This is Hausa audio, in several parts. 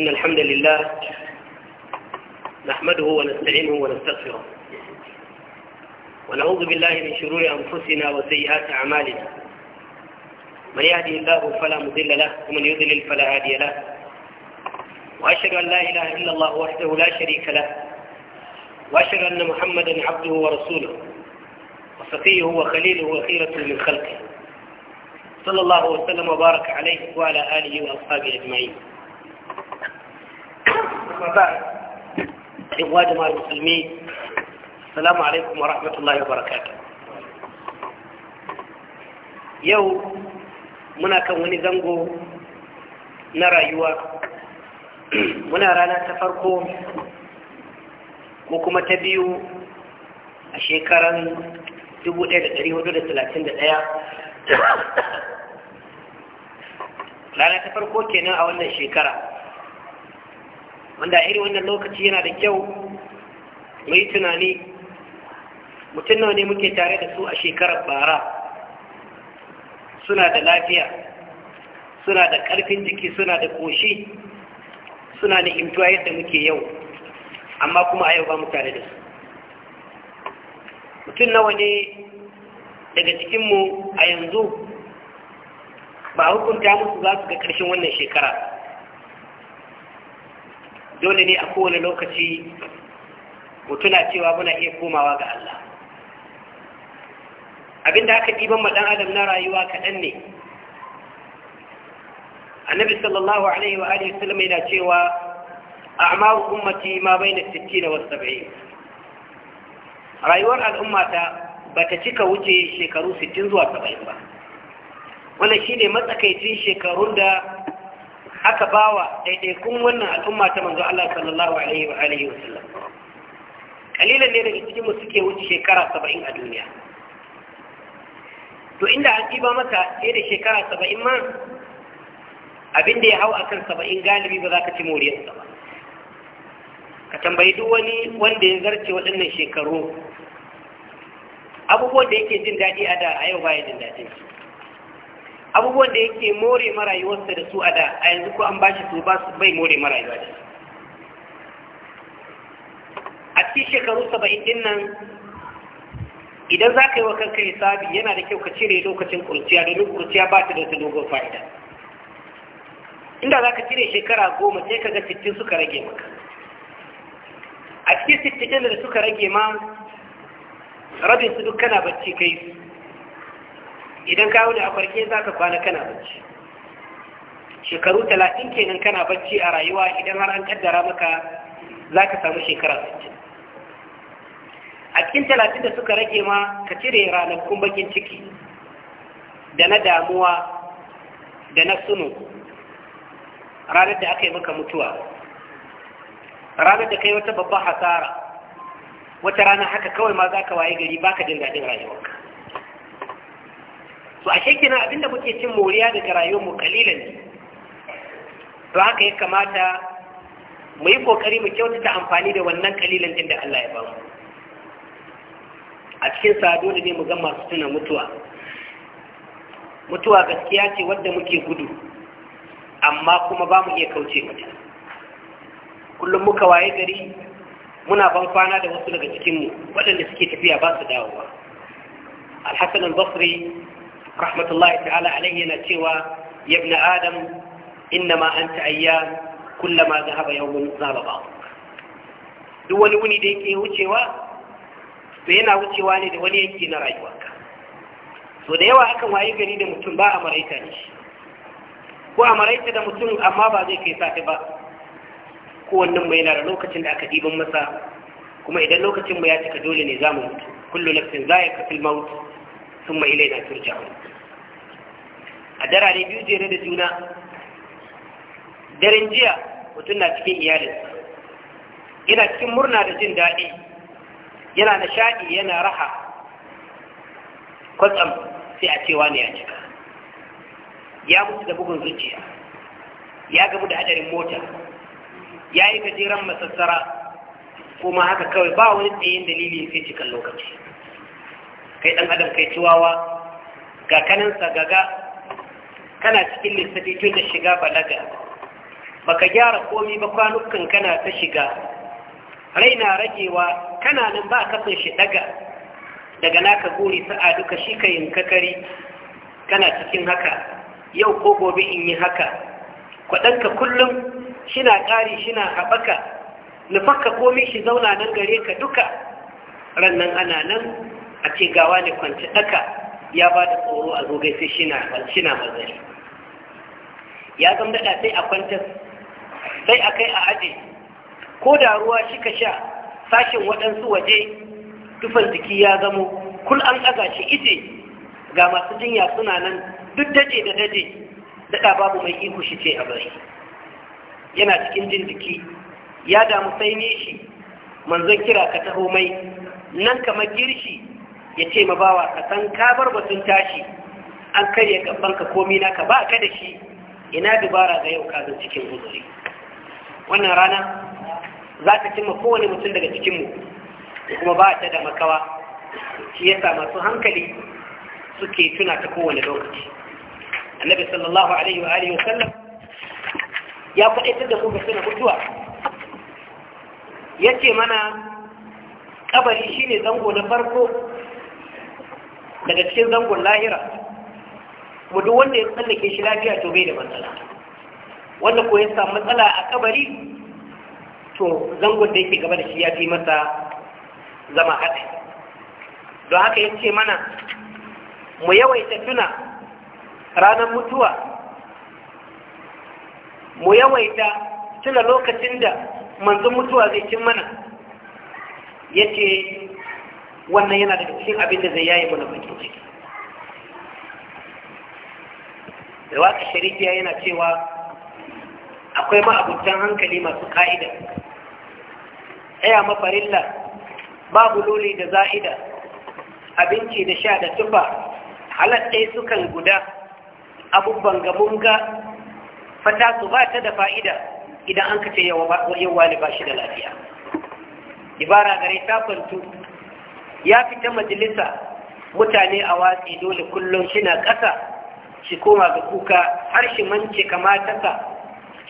إن الحمد لله نحمده ونستعينه ونستغفره ونعوذ بالله من شرور أنفسنا وسيئات أعمالنا من يهدي الله فلا مضل له ومن يضلل فلا هادي له وأشهد أن لا إله إلا الله وحده لا شريك له وأشهد أن محمدا عبده ورسوله وصفيه وخليله وخيرة من خلقه صلى الله وسلم وبارك عليه وعلى آله وأصحابه أجمعين amma ba in wa musulmi salamu alaikum wa rahmatullahi wa barakatu yau muna kan wani zango na rayuwa muna rana ta farko ko kuma ta biyu a shekaran 1431 rana ta farko kenan a wannan shekara wanda irin wannan lokaci yana da kyau muyi tunani mutum nawa ne muke tare da su a shekarar bara suna da lafiya suna da ƙarfin jiki suna da ƙoshi suna da imtuwa yadda muke yau amma kuma a yau ba mu tare da su mutum nawa ne daga cikinmu a yanzu ba hukunta musu za su ga ƙarshen wannan shekara dole ne a kowane lokaci mu tuna cewa muna iya komawa ga Allah abinda aka diban ma ɗan adam na rayuwa kaɗan ne annabi sallallahu alaihi wa alihi sallam yana cewa a'maru ummati ma baina 60 wa 70 rayuwar al'ummata ta cika wuce shekaru 60 zuwa 70 ba wannan shine matsakaicin shekarun da aka bawa ɗaiɗaikun wannan al'umma ta manzo Allah sallallahu alaihi wa alihi wasallam kalilan ne daga cikin suke wuce shekara saba'in a duniya to inda an ɗiba mata fiye da shekara saba'in ma abin da ya hau akan saba'in galibi ba za ka ci moriyarsa ba ka tambayi duk wani wanda ya zarce waɗannan shekaru abubuwan da yake jin daɗi a da a yau baya jin daɗin su abubuwan da yake more marayuwarsa da su a da a yanzu ko an bashi su bai more marayuwa da a cikin shekaru saba'in din nan idan za ka yi wa kanka hisabi yana da kyau ka cire lokacin kurciya domin kurciya ba ta da wata dogon fa'ida inda za ka cire shekara goma sai ka ga sittin suka rage maka a cikin sittin da suka rage ma rabin su duk kana bacci kai su idan ka wuni a farke za ka kwana kana bacci shekaru talatin kenan kana bacci a rayuwa idan har an kaddara maka za ka samu shekara sittin a cikin talatin da suka rage ma ka cire ranakun bakin ciki da na damuwa da na suno ranar da aka yi maka mutuwa ranar da kai wata babban hasara wata rana haka kawai ma za ka waye gari ba ka jin daɗin rayuwarka to a kina abinda muke cin moriya daga rayuwarmu kalilan ne to haka ya kamata mu yi kokari mu kyautata amfani da wannan kalilan din da Allah ya mu a cikin dole ne mu ga masu tuna mutuwa mutuwa gaskiya ce wadda muke gudu amma kuma ba mu iya kauce mata kullum muka waye gari muna ban kwana da wasu daga cikinmu waɗanda suke tafiya ba su dawowa alhassan al-basri rahmatullahi ta'ala alaihi yana cewa ya ibn adam innama anta ayyam kullama zahaba yawmun zaba ba duk wani wuni da yake wucewa to yana wucewa ne da wani yake na rayuwarka so da yawa akan waye gari da mutum ba a maraita ne ko a maraita da mutum amma ba zai kai safe ba Ko wannan mai yana da lokacin da aka ɗiban masa kuma idan lokacin mu ya cika dole ne za mu mutu kullu nafsin za ya kafil maut sun mai na turja'un a darare biyu jere da juna daren jiya mutum na cikin iyalinsa yana cikin murna da jin daɗi yana nishaɗi yana raha kwatsam sai a cewa ne ya cika ya mutu da bugun zuciya ya gabu da hadarin mota ya yi gajeren masassara kuma haka kawai ba wani tsayin dalili sai cikin lokaci kai ɗan adam kai tuwawa. ga kaninsa gaga kana cikin lissafi tun da shiga balaga baka gyara komi ba kwanukan kana ta shiga raina ragewa kana nan ba kasan shi daga daga naka guri sa'a duka shi ka yin kakari kana cikin haka yau ko gobe in yi haka kwaɗanka kullum shina ƙari shina haɓaka nufarka komi shi zauna nan gare ka duka rannan ana nan a ce gawa ne kwanci ɗaka ya ba da tsoro a zo gaishe shi na mazari ya zan daɗa sai a kwanta sai a kai a aje ko da ruwa shi ka sha sashen waɗansu waje tufan jiki ya zamo kul an ɗaga shi ije ga masu jinya suna nan duk daje da daje daɗa babu mai iko shi ce a bari yana cikin jin jiki ya damu sai ne shi manzon kira ka taho mai nan kamar girshi ya ce ma bawa ka san ka bar batun tashi an karya gaban ka komi ka ba ka da shi ina dubara ga yau ka cikin uzuri wannan rana za ta cimma kowane mutum daga cikinmu kuma ba ta da makawa shi sa masu hankali suke tuna ta kowane lokaci annabi sallallahu alaihi wa alihi wasallam ya tun da mu ga suna mutuwa ce mana kabari shine zango na farko daga cikin zangon lahira mu wanda ya tsallake shi lafiya to bai da matsala wanda ko ya samu matsala a kabari to zangon da yake gaba da shi ya fi masa zama haɗe don haka ya ce mana mu yawaita tuna ranar mutuwa mu yawaita tuna lokacin da manzon mutuwa zai cin mana ya wannan yana da cikin abin da zai yaye mana bakin ciki da waka sharifiya yana cewa akwai ma'abutan hankali masu ka'ida ɗaya mafarilla babu loli da za'ida abinci da sha da tufa halatta sukan guda abubban gabunga fata su ba ta da fa'ida idan an kace yawa ne ba shi da lafiya ibara gare ta fantu ya fita majalisa mutane a watsi dole kullum shina ƙasa shi koma ga kuka har shi mance kamatasa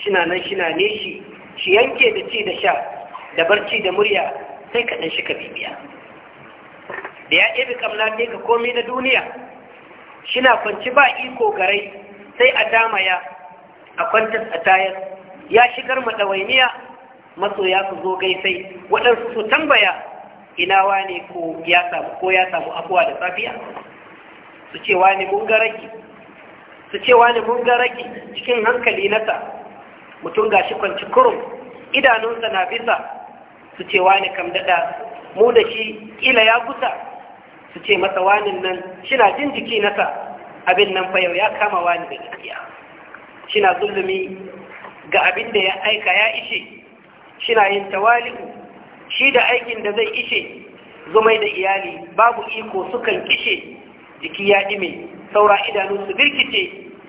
shina nan shina ne shi shi yanke da ci da sha da barci da murya sai ka shi ka bibiya da ya ɗebe kamna ne ka komai na duniya shina kwanci ba iko garai sai a dama a kwantar a tayar ya shigar maɗawainiya masoya su zo gaisai waɗansu su tambaya ina wani ko ya samu ko ya samu afuwa da safiya su ce wani mun ga su ce wani mun ga cikin hankali nasa mutum gashi kwanci kurum idanunsa na bisa su ce wani kam dada mu da shi kila ya kusa. su ce masa wanin nan shina jin jiki nasa abin nan fa yau ya kama wani da gaskiya shina zulumi ga abin da ya aika ya ishe shina yin tawali'u shi da aikin da zai ishe zumai da iyali babu iko sukan kishe jiki ya ɗime saura idanu su birkice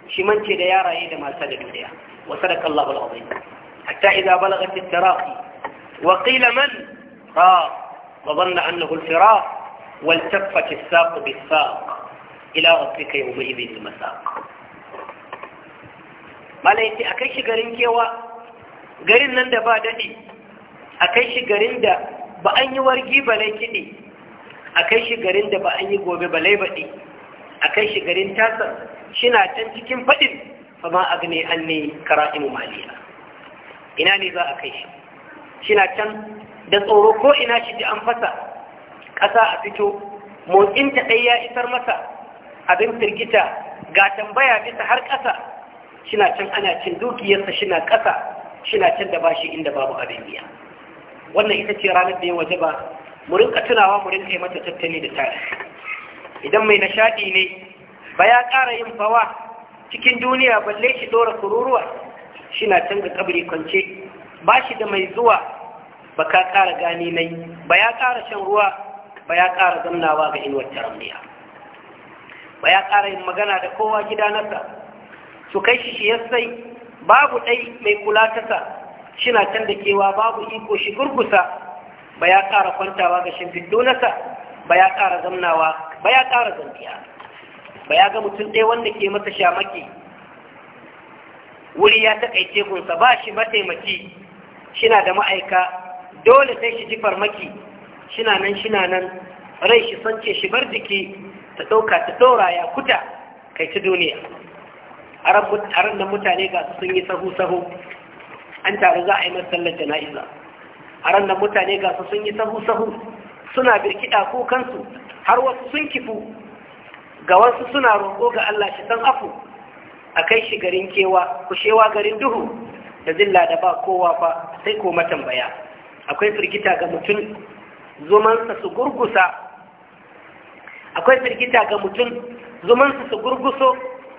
shi mance da yaraye da masu da duniya wa sadaka Allah wal azim hatta idza balagat at-taraqi wa qila man raq wa dhanna annahu al-firaq wal taffat as-saq bis-saq ila rabbika yawma idhin al-masaq malai ce akai shi garin kewa garin nan da ba dadi a kai shi garin da ba an yi wargi lai kiɗi a kai shi garin da ba an yi gobe lai baɗi a kai shi garin tasa shina can cikin faɗin fama agne an ne kara'in maliya ina ne za a kai shi shina can da tsoro ko ina shi ji an fasa ƙasa a fito motsinta ta ya isar masa abin firgita ga tambaya bisa har ƙasa shina can ana cin dukiyarsa shina ƙasa shina can da bashi inda babu abin biya wannan ita ce ranar da ya waje ba mu rinka tunawa mu mata tattali da tare idan mai nishaɗi ne ba ya ƙara yin fawa cikin duniya balle shi ɗora kururuwa shi na canza kabri kwance ba shi da mai zuwa ba ka ƙara gani nai ba ya ƙara shan ruwa ba ya ƙara zamnawa ga inuwar taramniya ba ya ƙara yin magana da kowa gida nasa su kai shi shi yasai babu ɗai mai kula ta sa shina can da kewa babu iko shi gurgusa ba ya ƙara kwantawa ga shimfiɗo nasa ba ya ƙara zamnawa ba ya ƙara zambiya ba ya ga mutum ɗaya wanda ke masa shamaki wuri ya taƙaice kunsa, ba shi mataimaki shina da ma'aika dole sai shi ji farmaki shina nan shina nan rai shi sance shi bar jiki ta ɗauka ta ɗora ya kuta kai ta duniya a ran mutane ga sun yi sahu-sahu an taru za a yi masallar jana'iza a ran nan mutane gasu sun yi sahu sahu suna birkida ko kansu har wasu sun kifu ga wasu suna roƙo ga Allah shi san afu a kai shi garin kewa kushewa garin duhu da zilla da ba kowa ba, sai ko matambaya akwai firgita ga mutum zumansa su gurgusa akwai firgita ga mutum zumansa su gurguso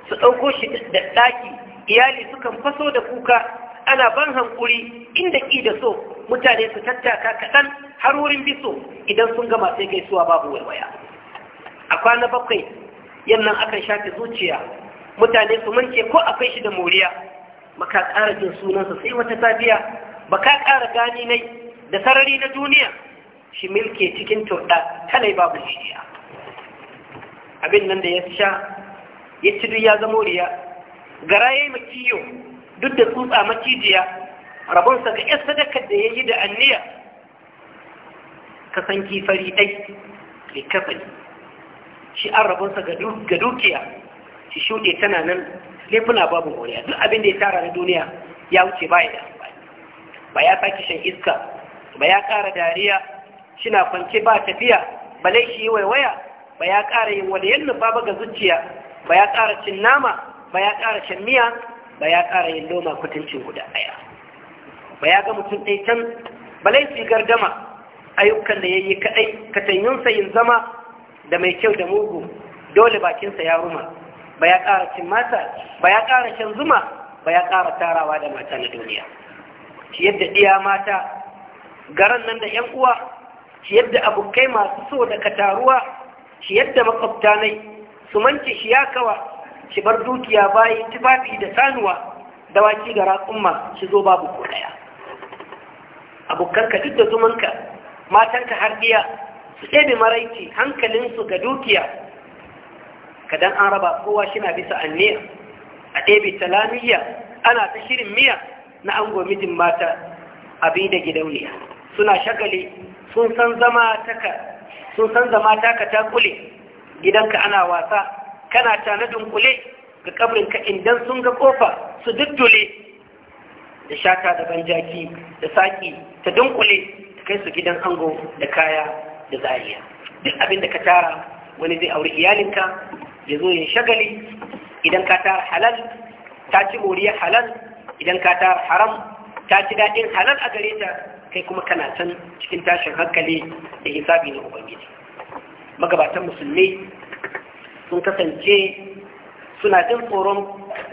su ɗauko shi da ɗaki iyali sukan faso da kuka ana ban hankuri inda ƙi da so mutane su tattaka kaɗan har wurin biso idan sun gama sai gaisuwa babu waya. a kwana bakwai yannan akan shafe zuciya mutane su manke ko akwai shi da moriya baka ƙara jin sunansa sai wata safiya baka ƙara gani nai da sarari na duniya shi milke cikin turɗa talai babu jijiya abin nan da ya sha ya ci duk ya zama riya gara ya yi duk da tsutsa macijiya rabonsa ga yasa sadakar da ya yi da anniya san kifari ɗai mai kafali shi an rabonsa ga dukiya shi shuɗe tana nan laifuna babu wariya duk abin da ya tara na duniya ya wuce ba ya da ba ya sake shan iska ba ya ƙara dariya shina kwance ba tafiya balai shi yi waiwaya ba ya ƙara yin wani yannu ba ga zuciya ba ya ƙara cin nama ba ya ƙara shan miya ba ya ƙara yin loma kutuncin guda ɗaya ba ya ga mutum ɗai can Ba laifi gardama ayyukan da ya yi kaɗai katanyunsa yin zama da mai kyau da mugu dole bakinsa ya ruma ba ya ƙara cin mata ba ya ƙara shan zuma ba ya ƙara tarawa da mata na duniya shi yadda iya mata garan nan da 'yan uwa shi yadda abokai masu so da kataruwa shi yadda makwabta nai su manci shi ya kawa shi bar dukiya bayi tufafi da sanuwa da waki gara raƙumma shi zo babu ko abokanka duk da zumanka matanka har biya su ɗebe maraici hankalinsu ga dukiya kadan an raba kowa shina bisa anniya a ɗebe talamiyya ana ta shirin miya na ango mijin mata abin da gidauniya suna shagali sun san zama taka ta kule gidanka ana wasa kana tana dunkule ga ka idan sun ga kofa su duddule da shata da banjaki da saki ta dunkule ta kai su gidan ango da kaya da zariya duk abin da ka tara wani zai auri iyalinka ya zo ya shagali idan ka tara halal ta ci moriyar halal idan ka tara haram ta ci daɗin halal a gare ta kai kuma kana can cikin tashin hankali da hisabi na ubangiji magabatan musulmi sun kasance suna jin tsoron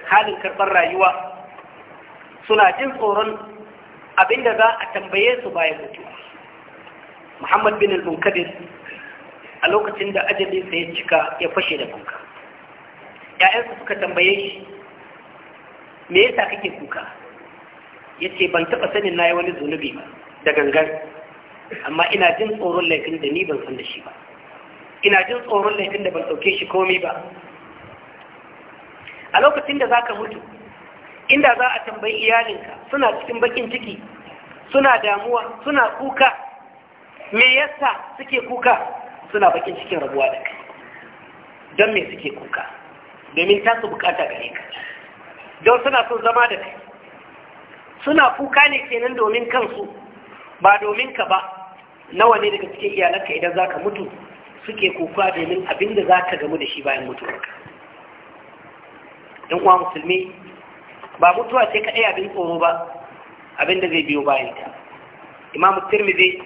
halin karɓar rayuwa suna jin tsoron abinda za a tambaye su bayan mutuwa muhammad bin al-munkadir a lokacin da ajalinsa ya cika ya fashe da kuka ‘ya'yansa suka tambaye shi me yasa kake kuka ya ce ban taɓa sanin na yi wani zunubi ba da gangan amma ina jin tsoron laifin da ni ban san da shi ba ina jin tsoron laifin da ban ɗauke shi komi ba a lokacin da za ka mutu inda za a tambayi iyalinka suna cikin bakin ciki suna damuwa suna kuka me yasa suke kuka suna bakin cikin rabuwa da kai don me suke kuka domin ta su bukata gare ka don suna son zama da kai suna kuka ne kenan domin kansu ba domin ka ba nawa ne daga cikin iyalanka idan za ka mutu suke kuka domin abin da za ka gamu da shi bayan mutuwarka don uwa musulmi ba mutuwa ce kaɗai abin tsoro ba abin da zai biyo bayan ta imamu tirmidhi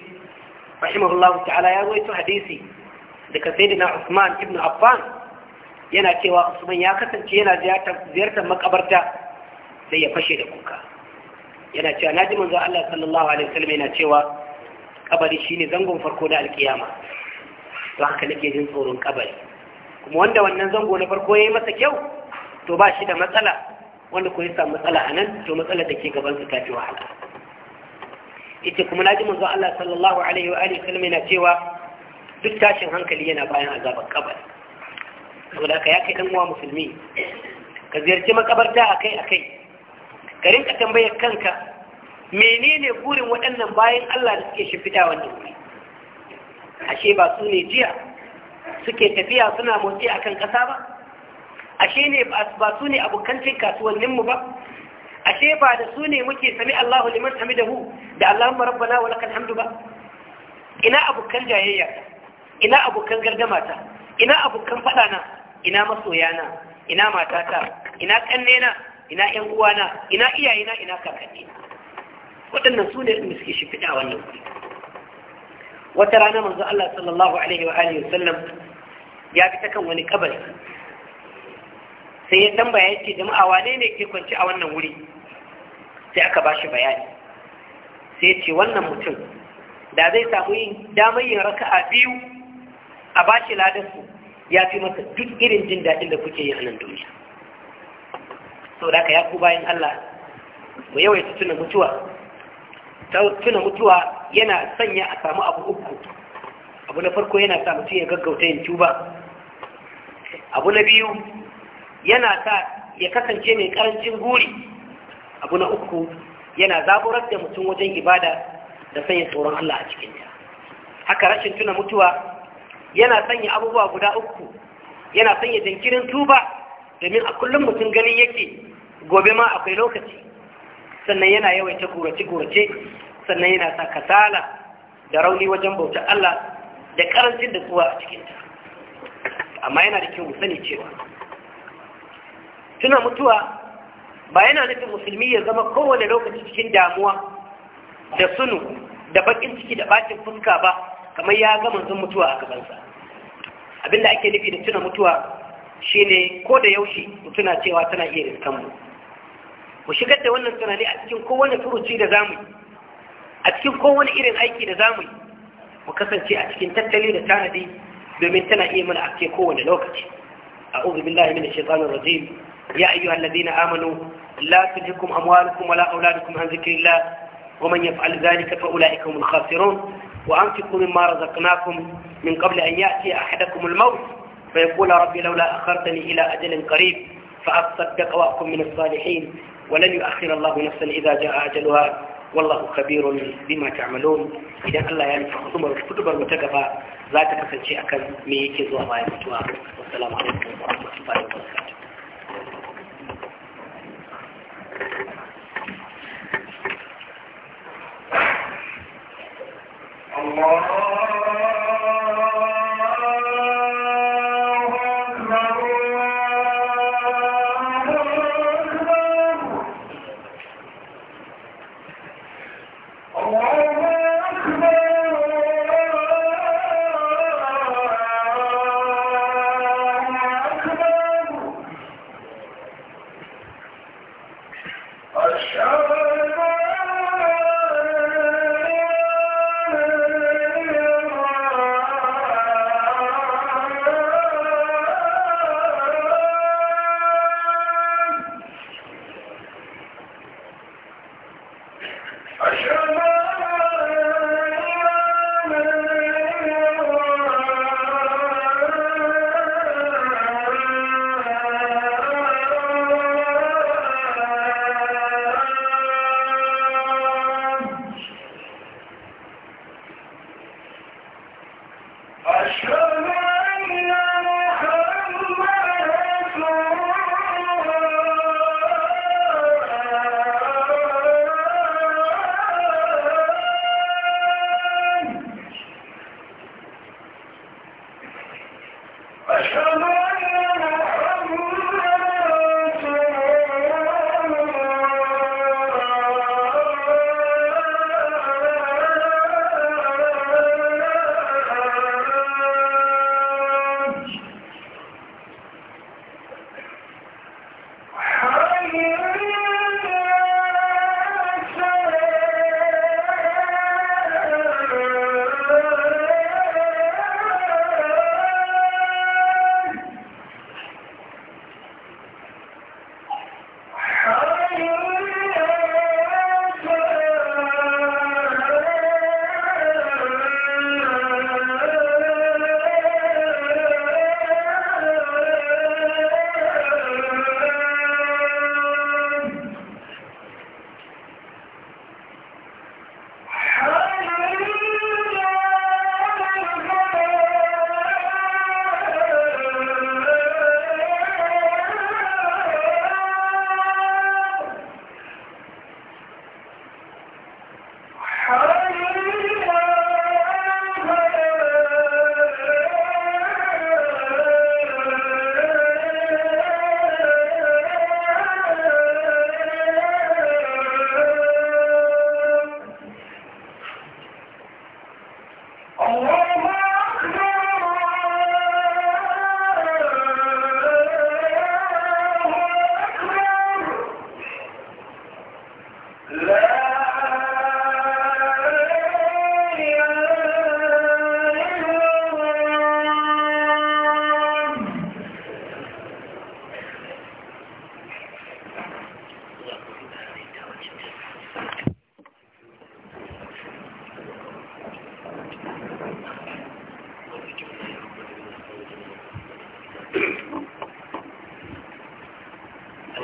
rahimahullahu ta'ala ya rawaito hadisi daga sai na Usman ibn Affan yana cewa Usman ya kasance yana ziyartar makabarta sai ya fashe da kuka yana cewa na ji manzo Allah sallallahu alaihi wasallam yana cewa kabari shine zangon farko da alkiyama to haka nake jin tsoron kabari kuma wanda wannan zango na farko ya yi masa kyau to ba shi da matsala wanda ko ya samu matsala a nan to matsala da ke gaban su ta fi wahala ita kuma na ji manzo Allah sallallahu alaihi wa alihi sallam yana cewa duk tashin hankali yana bayan azabar kabari saboda ka ya kai dan uwa musulmi ka ziyarci makabarta akai akai ka rinka tambayar kanka menene burin waɗannan bayan Allah da suke shimfiɗa wannan wuri ashe ba su ne jiya suke tafiya suna motsi a kan ƙasa ba ashe ne ba su ne abokancin kasuwanninmu ba ashe ba da su ne muke sami Allahu liman hamidahu da Allahumma rabbana wa lakal hamdu ba ina abokan jayayya ina abokan ta ina abokan na ina masoyana ina matata ina na ina ƴan uwana ina iyayena ina kakanni? waɗannan su ne suke shimfiɗa wannan wuri wata rana manzo Allah sallallahu alaihi wa alihi wasallam ya bi ta kan wani kabari sai ya tambaya ya ce jama'a wane ne ke kwanci a wannan wuri sai aka bashi bayani sai ce wannan mutum da zai samu yin damar yin raka'a biyu a bashi su ya fi masa duk irin jin daɗin da kuke yi a nan duniya sau da ka ya bayan Allah mu yawaita tuna mutuwa tuna mutuwa yana sanya a samu abu uku abu na farko yana sa mutum ya gaggauta yin tuba abu na biyu yana sa ya kasance mai karancin guri abu na uku yana zaburar da mutum wajen ibada da sanya tsoron Allah a cikin ta haka rashin tuna mutuwa yana sanya abubuwa guda uku yana sanya jinkirin tuba domin a kullum mutum ganin yake gobe ma akwai lokaci sannan yana yawaita gurace-gurace sannan yana sa kasala da rauni wajen bautar Allah da karancin da tsuwa a cikinta amma yana da kyau mu sani cewa tuna mutuwa ba yana nufin musulmi ya zama kowane lokaci cikin damuwa da sunu da bakin ciki da bakin fuska ba kamar ya ga manzon mutuwa a gabansa abinda ake nufi da tuna mutuwa shine ko da yaushe mutuna cewa tana iya riskan mu mu shigar da wannan tunani a cikin kowane furuci da zamu yi a cikin kowane irin aiki da zamu yi mu kasance a cikin tattali da tanadi domin tana iya mana ake kowane lokaci a'udhu billahi minash shaitanir rajim ya ayyuhal ladina amanu la tulhikum amwalukum wala auladukum an zikrillah wa man yaf'al fa ulaika humul ومن يفعل ذلك فأولئك هم الخاسرون وأنفقوا مما رزقناكم من قبل أن يأتي أحدكم الموت فيقول ربي لولا أخرتني إلى أجل قريب فأصدق وأكن من salihin ولن يؤخر الله نفسا إذا جاء أجلها والله خبير بما تعملون إذا الله يعني فخصوم لا المتقفة ذاتك فالشيء أكل ميكز وضايا متوى والسلام عليكم ورحمة الله وبركاته Allah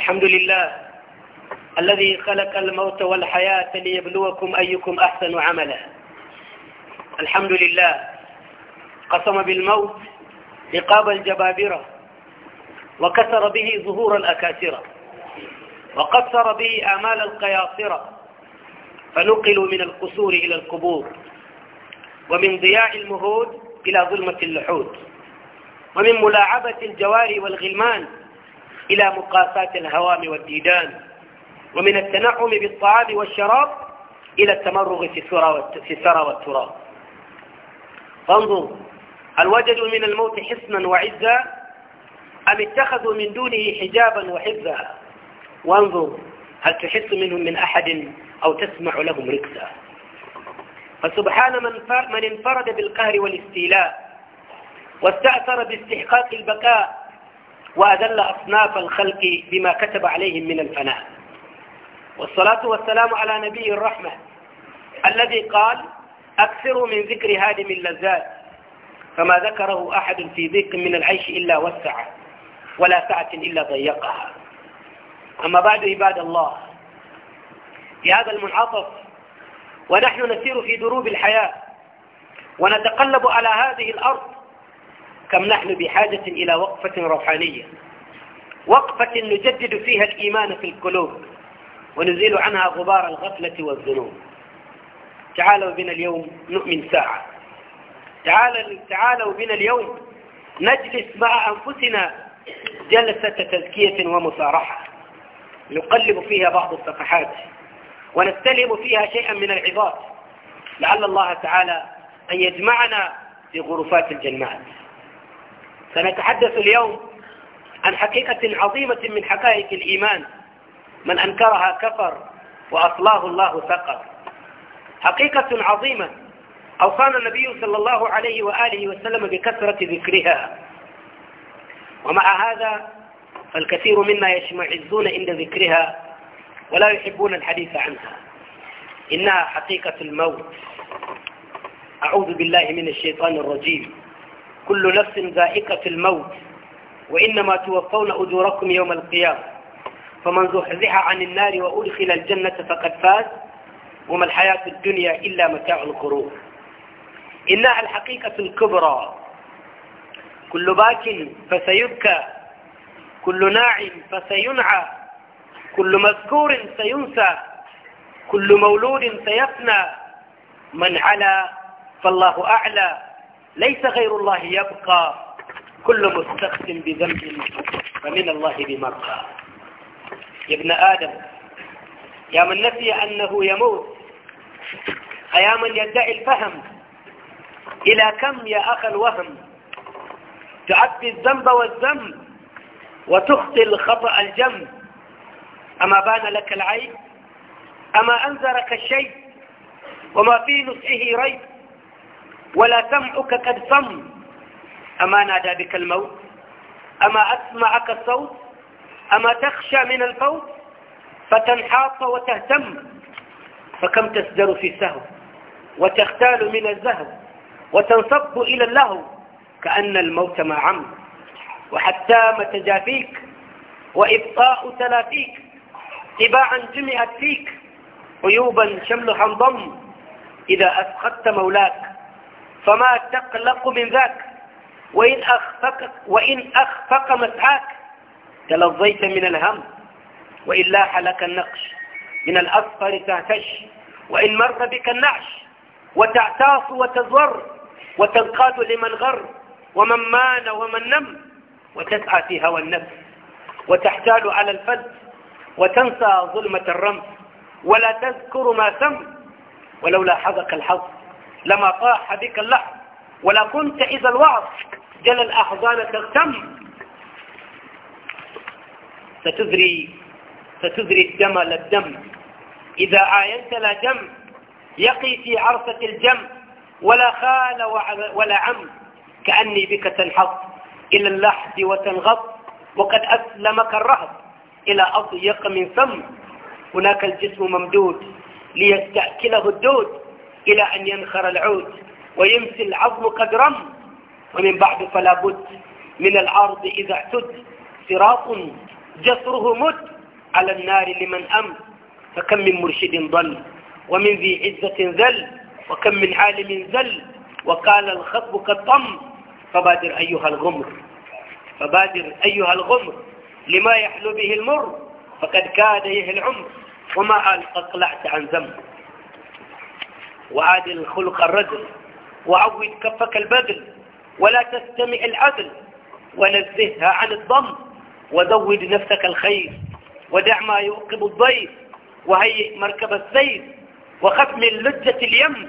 الحمد لله الذي خلق الموت والحياة ليبلوكم أيكم أحسن عملا الحمد لله قسم بالموت رقاب الجبابرة وكسر به ظهور الأكاسرة وقصر به آمال القياصرة فنقلوا من القصور إلى القبور ومن ضياع المهود إلى ظلمة اللحود ومن ملاعبة الجواري والغلمان إلى مقاساة الهوام والديدان ومن التنعم بالطعام والشراب إلى التمرغ في الثرى والتراب فانظر هل وجدوا من الموت حصنا وعزا أم اتخذوا من دونه حجابا وحفظا وانظر هل تحس منهم من أحد أو تسمع لهم ركزا فسبحان من, من انفرد بالقهر والاستيلاء واستأثر باستحقاق البكاء وأذل أصناف الخلق بما كتب عليهم من الفناء والصلاة والسلام على نبي الرحمة الذي قال أكثروا من ذكر هادم اللذات فما ذكره أحد في ضيق من العيش إلا وسعه ولا سعة إلا ضيقها أما بعد عباد الله في هذا المنعطف ونحن نسير في دروب الحياة ونتقلب على هذه الأرض كم نحن بحاجة إلى وقفة روحانية وقفة نجدد فيها الإيمان في القلوب ونزيل عنها غبار الغفلة والذنوب تعالوا بنا اليوم نؤمن ساعة تعالوا, تعالوا بنا اليوم نجلس مع أنفسنا جلسة تزكية ومصارحة نقلب فيها بعض الصفحات ونستلهم فيها شيئا من العظات لعل الله تعالى أن يجمعنا في غرفات الجنات سنتحدث اليوم عن حقيقة عظيمة من حقائق الإيمان من أنكرها كفر وأصلاه الله سقط حقيقة عظيمة أوصانا النبي صلى الله عليه وآله وسلم بكثرة ذكرها ومع هذا فالكثير منا يشمعزون عند ذكرها ولا يحبون الحديث عنها إنها حقيقة الموت أعوذ بالله من الشيطان الرجيم كل نفس ذائقة الموت وإنما توفون أجوركم يوم القيامة فمن زحزح عن النار وأدخل الجنة فقد فاز وما الحياة الدنيا إلا متاع الغرور إنها الحقيقة الكبرى كل باك فسيبكى كل ناع فسينعى كل مذكور سينسى كل مولود سيفنى من علا فالله أعلى ليس غير الله يبقى كل مستخف بذنب فمن الله بمرقى يا ابن آدم يا من نسي أنه يموت أيا من يدعي الفهم إلى كم يا أخ الوهم تعبي الذنب والذنب وتخطي الخطأ الجم أما بان لك العيب أما أنذرك الشيء وما في نسعه ريب ولا سمعك قد صم أما نادى بك الموت أما أسمعك الصوت أما تخشى من الفوت فتنحاط وتهتم فكم تسدر في السهو وتختال من الزهو وتنصب إلى اللهو كأن الموت ما عم وحتى تجافيك وإبطاء تلافيك طباعا جمعت فيك عيوبا شمل حنضم إذا أسخدت مولاك فما تقلق من ذاك وإن أخفق, وإن أخفق مسعاك تلظيت من الهم وإن لاح لك النقش من الأصفر تهتش وإن مر بك النعش وتعتاص وتزور وتنقاد لمن غر ومن مان ومن نم وتسعى في هوى النفس وتحتال على الفد وتنسى ظلمة الرمس ولا تذكر ما سم ولولا حظك الحظ لما طاح بك اللحظ ولا كنت إذا الوعظ جل الأحضان تغتم ستذري ستذري الدم لا الدم إذا عاينت لا جم يقي في عرفة الجم ولا خال ولا عم كأني بك تنحط إلى اللحد وتنغط وقد أسلمك الرهب إلى أضيق من فم هناك الجسم ممدود ليستأكله الدود إلى أن ينخر العود ويمسي العظم قد رم ومن بعد فلا بد من العرض إذا اعتد صراط جسره مد على النار لمن أم فكم من مرشد ضل ومن ذي عزة ذل وكم من عالم ذل وقال الخطب كالطم فبادر أيها الغمر فبادر أيها الغمر لما يحلو به المر فقد كاد يه العمر وما قال قد عن ذنب وعادل خلق الرجل وعود كفك البذل ولا تستمع العدل ونزهها عن الضم وزود نفسك الخير ودع ما يوقب الضيف وهيئ مركب السيف وختم اللجة اليم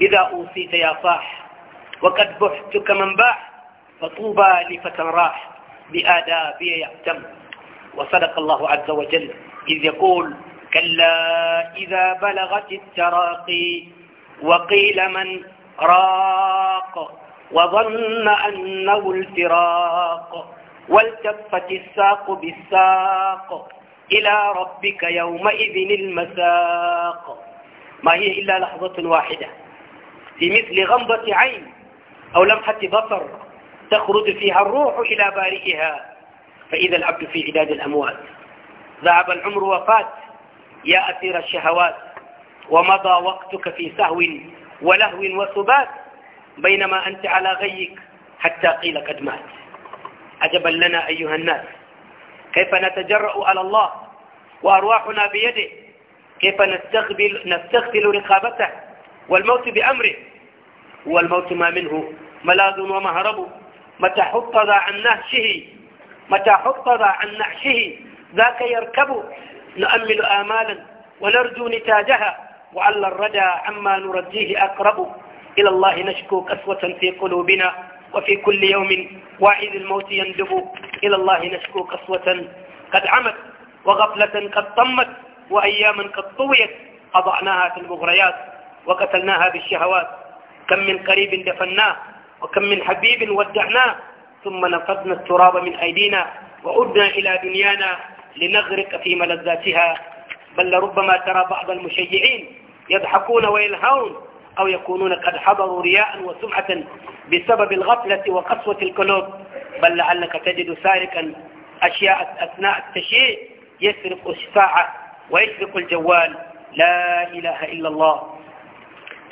إذا أوصيت يا صاح وقد بحتك من باح فطوبى لفتى راح بآدابي يأتم وصدق الله عز وجل إذ يقول كلا إذا بلغت التراقي وقيل من راق وظن أنه الفراق والتفت الساق بالساق إلى ربك يومئذ المساق ما هي إلا لحظة واحدة في مثل غمضة عين أو لمحة بصر تخرج فيها الروح إلى بارئها فإذا العبد في عداد الأموات ذهب العمر وفات يا أسير الشهوات ومضى وقتك في سهو ولهو وسبات بينما أنت على غيك حتى قيل قد مات عجبا لنا أيها الناس كيف نتجرأ على الله وأرواحنا بيده كيف نستغفل, نستغفل رقابته والموت بأمره والموت ما منه ملاذ ومهرب متى حفظ عن نهشه متى حفظ عن نعشه ذاك يركب نؤمل آمالا ونرجو نتاجها وعلى الردى عما نرجيه أقرب إلى الله نشكو كسوة في قلوبنا وفي كل يوم واعد الموت يندب إلى الله نشكو كسوة قد عمت وغفلة قد طمت وأياما قد طويت أضعناها في المغريات وقتلناها بالشهوات كم من قريب دفناه وكم من حبيب ودعناه ثم نفضنا التراب من أيدينا وعدنا إلى دنيانا لنغرق في ملذاتها بل لربما ترى بعض المشيعين يضحكون ويلهون أو يكونون قد حضروا رياء وسمعة بسبب الغفلة وقسوة القلوب بل لعلك تجد سارقا أشياء أثناء التشييع يسرق الشفاعة ويسرق الجوال لا إله إلا الله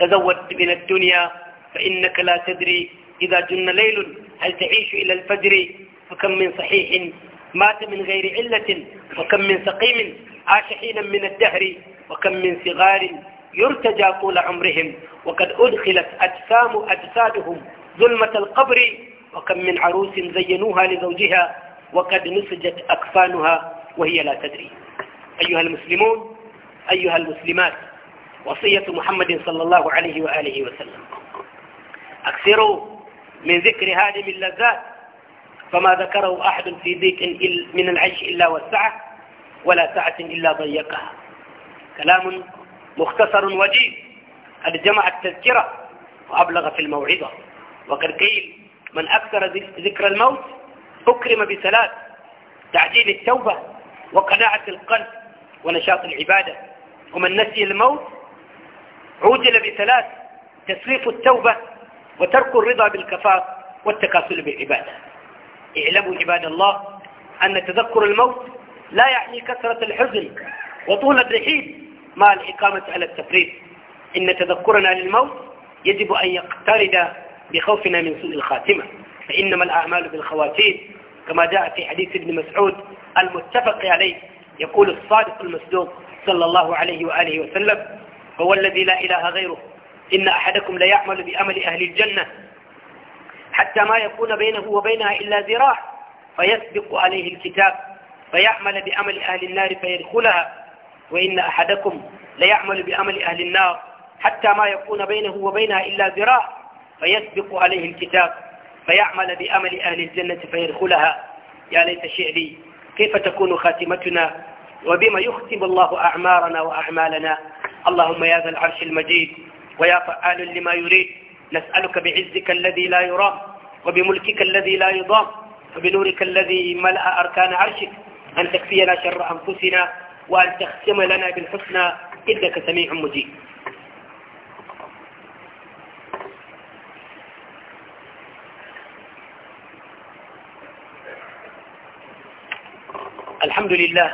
تزود من الدنيا فإنك لا تدري إذا جن ليل هل تعيش إلى الفجر فكم من صحيح مات من غير علة وكم من سقيم عاش حينا من الدهر وكم من صغار يرتجى طول عمرهم وقد أدخلت أجسام أجسادهم ظلمة القبر وكم من عروس زينوها لزوجها وقد نسجت أكفانها وهي لا تدري أيها المسلمون أيها المسلمات وصية محمد صلى الله عليه وآله وسلم أكثروا من ذكر هذه اللذات فما ذكره أحد في ضيق من العيش إلا والسعة ولا سعة إلا ضيقها كلام مختصر وجيب قد جمع التذكرة وأبلغ في الموعظة وقد قيل من أكثر ذكر الموت أكرم بثلاث تعجيل التوبة وقناعة القلب ونشاط العبادة ومن نسي الموت عوجل بثلاث تسريف التوبة وترك الرضا بالكفاف والتكاسل بالعبادة اعلموا عباد الله أن تذكر الموت لا يعني كثرة الحزن وطول الرحيل مع الإقامة على التفريط إن تذكرنا للموت يجب أن يقترد بخوفنا من سوء الخاتمة فإنما الأعمال بالخواتيم كما جاء في حديث ابن مسعود المتفق عليه يقول الصادق المصدوق صلى الله عليه وآله وسلم هو الذي لا إله غيره إن أحدكم ليعمل بأمل أهل الجنة حتى ما يكون بينه وبينها إلا ذراع فيسبق عليه الكتاب فيعمل بأمل أهل النار فيدخلها وإن أحدكم ليعمل بأمل أهل النار حتى ما يكون بينه وبينها إلا ذراع فيسبق عليه الكتاب فيعمل بأمل أهل الجنة فيدخلها يا ليت شعري كيف تكون خاتمتنا وبما يختم الله أعمارنا وأعمالنا اللهم يا ذا العرش المجيد ويا فعال لما يريد نسألك بعزك الذي لا يرام وبملكك الذي لا يضام وبنورك الذي ملأ أركان عرشك أن تكفينا شر أنفسنا وأن تختم لنا بالحسنى إنك سميع مجيب الحمد لله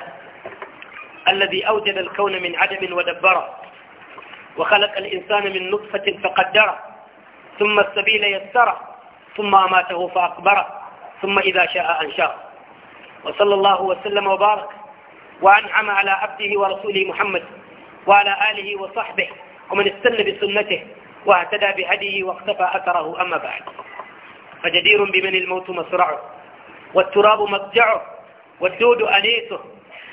الذي أوجد الكون من عدم ودبره وخلق الإنسان من نطفة فقدره ثم السبيل يسره ثم أماته فأقبره ثم إذا شاء أنشاه وصلى الله وسلم وبارك وأنعم على عبده ورسوله محمد وعلى آله وصحبه ومن استنى بسنته واهتدى بهديه واقتفى أثره أما بعد فجدير بمن الموت مصرعه والتراب مضجعه والدود أنيسه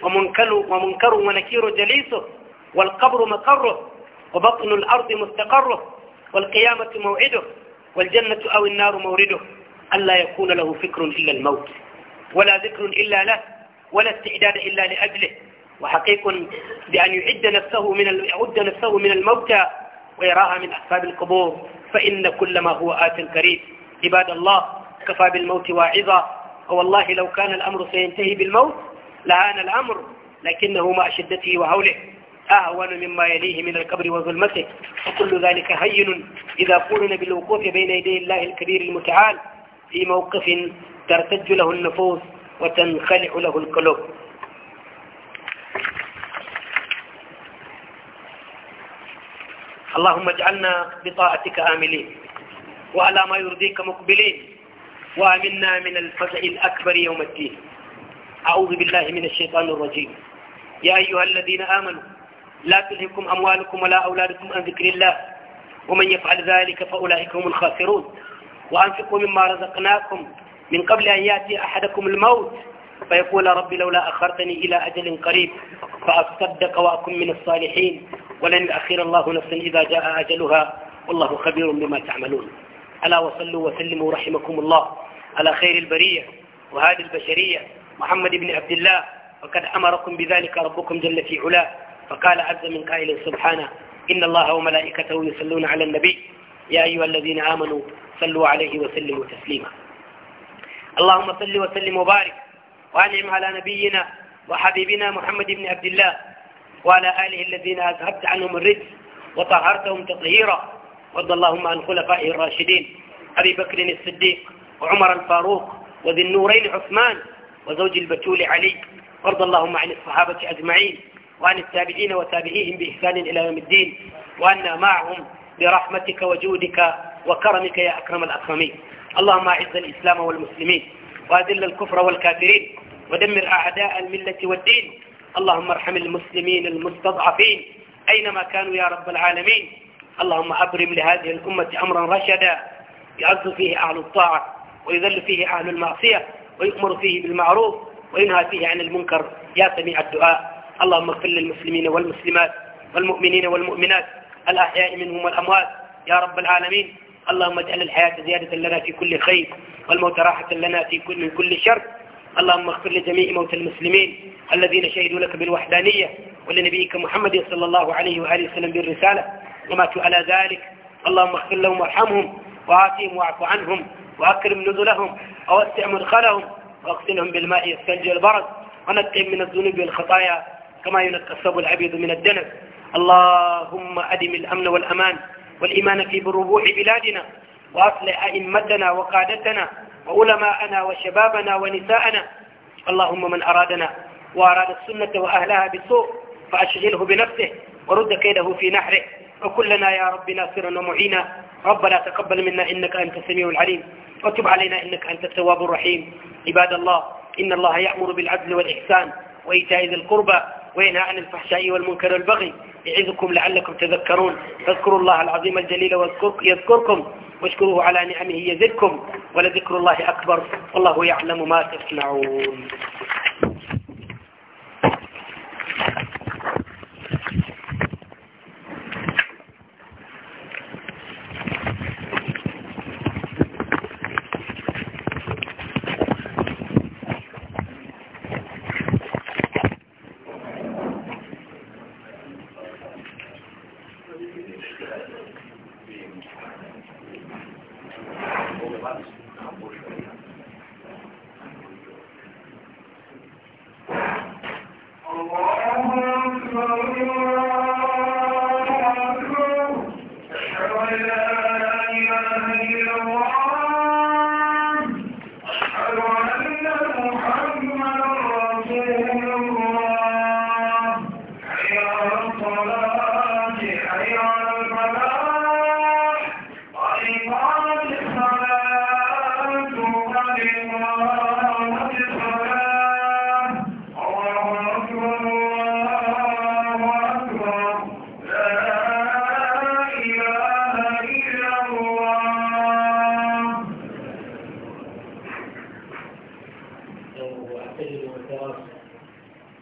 ومنكر, ومنكر ونكير جليسه والقبر مقره وبطن الأرض مستقره والقيامة موعده والجنة أو النار مورده ألا يكون له فكر إلا الموت ولا ذكر إلا له ولا استعداد إلا لأجله وحقيق بأن يعد نفسه من يعد نفسه من الموتى ويراها من أسباب القبور فإن كل ما هو آت كريم عباد الله كفى بالموت واعظا والله لو كان الأمر سينتهي بالموت لهان الأمر لكنه مع شدته وهوله أهون مما يليه من القبر وظلمته وكل ذلك هين إذا قرن بالوقوف بين يدي الله الكبير المتعال في موقف ترتج له النفوس وتنخلع له القلوب اللهم اجعلنا بطاعتك آملين وعلى ما يرضيك مقبلين وامنا من الفزع الأكبر يوم الدين أعوذ بالله من الشيطان الرجيم يا أيها الذين آمنوا لا تلهكم أموالكم ولا أولادكم عن ذكر الله ومن يفعل ذلك فأولئك هم الخاسرون وأنفقوا مما رزقناكم من قبل أن يأتي أحدكم الموت فيقول ربي لولا أخرتني إلى أجل قريب فأصدق وأكن من الصالحين ولن يؤخر الله نفسا إذا جاء أجلها والله خبير بما تعملون ألا وصلوا وسلموا رحمكم الله على خير البرية وهذه البشرية محمد بن عبد الله وقد أمركم بذلك ربكم جل في علاه فقال عز من قائل سبحانه إن الله وملائكته يصلون على النبي يا أيها الذين آمنوا صلوا عليه وسلموا تسليما اللهم صل وسلم وبارك وأنعم على نبينا وحبيبنا محمد بن عبد الله وعلى آله الذين أذهبت عنهم الرجس وطهرتهم تطهيرا وارض اللهم عن خلفائه الراشدين أبي بكر الصديق وعمر الفاروق وذي النورين عثمان وزوج البتول علي وارض اللهم عن الصحابة أجمعين وعن التابعين وتابعيهم بإحسان إلى يوم الدين وأن معهم برحمتك وجودك وكرمك يا أكرم الأكرمين اللهم أعز الإسلام والمسلمين وأذل الكفر والكافرين ودمر أعداء الملة والدين اللهم ارحم المسلمين المستضعفين أينما كانوا يا رب العالمين اللهم أبرم لهذه الأمة أمرا رشدا يعز فيه أهل الطاعة ويذل فيه أهل المعصية ويؤمر فيه بالمعروف وينهى فيه عن المنكر يا سميع الدعاء اللهم اغفر للمسلمين والمسلمات والمؤمنين والمؤمنات الأحياء منهم والأموات يا رب العالمين اللهم اجعل الحياة زيادة لنا في كل خير والموت راحة لنا في كل من كل شر اللهم اغفر لجميع موتى المسلمين الذين شهدوا لك بالوحدانية ولنبيك محمد صلى الله عليه وآله وسلم بالرسالة وماتوا على ذلك اللهم اغفر لهم وارحمهم وعافهم واعف عنهم وأكرم نزلهم ووسع مدخلهم واغسلهم بالماء الثلج والبرد ونقهم من الذنوب والخطايا كما ينقى الثوب العبيض من الدنس اللهم أدم الأمن والأمان والإيمان في بربوع بلادنا وأصلح أئمتنا وقادتنا وعلماءنا وشبابنا ونساءنا اللهم من أرادنا وأراد السنة وأهلها بالسوء فأشغله بنفسه ورد كيده في نحره وكلنا يا رب ناصرا ومعينا ربنا تقبل منا إنك أنت السميع العليم وتب علينا إنك أنت التواب الرحيم عباد الله إن الله يأمر بالعدل والإحسان وإيتاء ذي القربى وينهى عن الفحشاء والمنكر والبغي يعظكم لعلكم تذكرون فاذكروا الله العظيم الجليل يذكركم واشكروه على نعمه يزدكم ولذكر الله أكبر والله يعلم ما تصنعون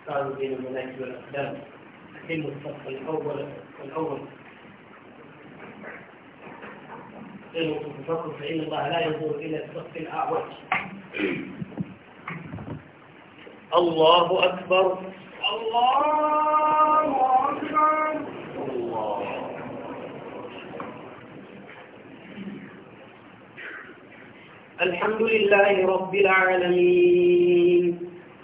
قالوا بين المناكب والأقدام أتم الصف الأول الأول غير متفقه فإن الله لا ينظر إلى الصف الأعوج الله أكبر الله أكبر الله الحمد لله رب العالمين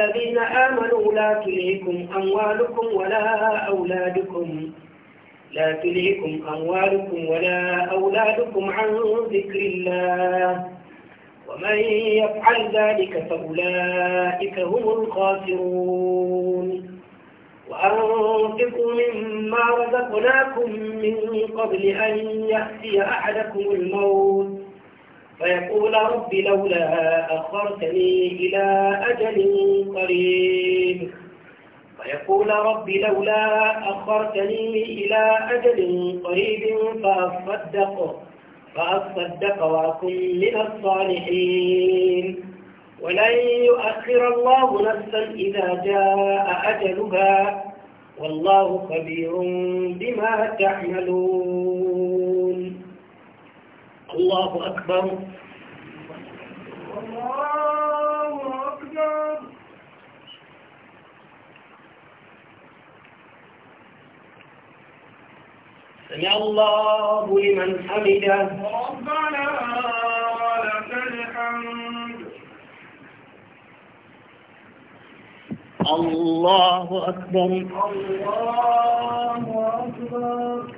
الذين آمنوا لا تلهكم أموالكم ولا أولادكم لا تلهكم أموالكم ولا أولادكم عن ذكر الله ومن يفعل ذلك فأولئك هم الخاسرون وأنفقوا مما رزقناكم من قبل أن يأتي أحدكم الموت فيقول رب لولا أخرتني إلى أجل قريب فيقول رب لولا أخرتني إلى أجل قريب فأصدق فأصدق وأكن من الصالحين ولن يؤخر الله نفسا إذا جاء أجلها والله خبير بما تعملون الله أكبر الله أكبر سمع الله لمن حمده ربنا ولك الحمد الله أكبر الله أكبر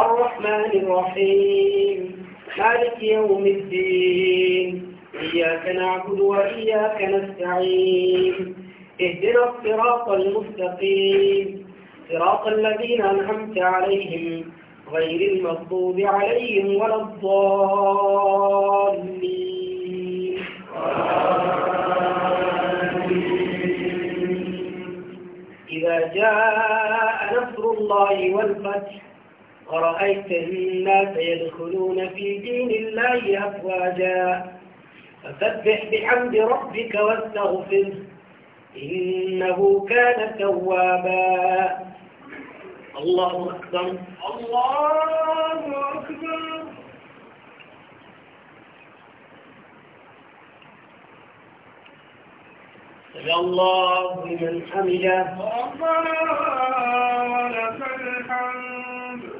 الرحمن الرحيم مالك يوم الدين إياك نعبد وإياك نستعين اهدنا الصراط المستقيم صراط الذين أنعمت عليهم غير المغضوب عليهم ولا الضالين إذا جاء نصر الله والفتح أرأيت الناس يدخلون في دين الله أفواجا فسبح بحمد ربك واستغفره إنه كان توابا الله أكبر الله أكبر سبح الله لمن حمده ربنا لك الحمد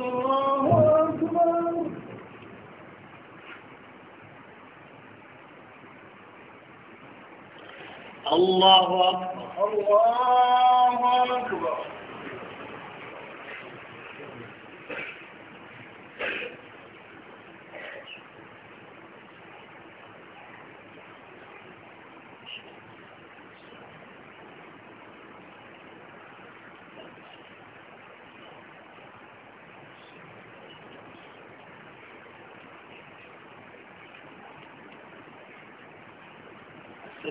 الله أكبر الله أكبر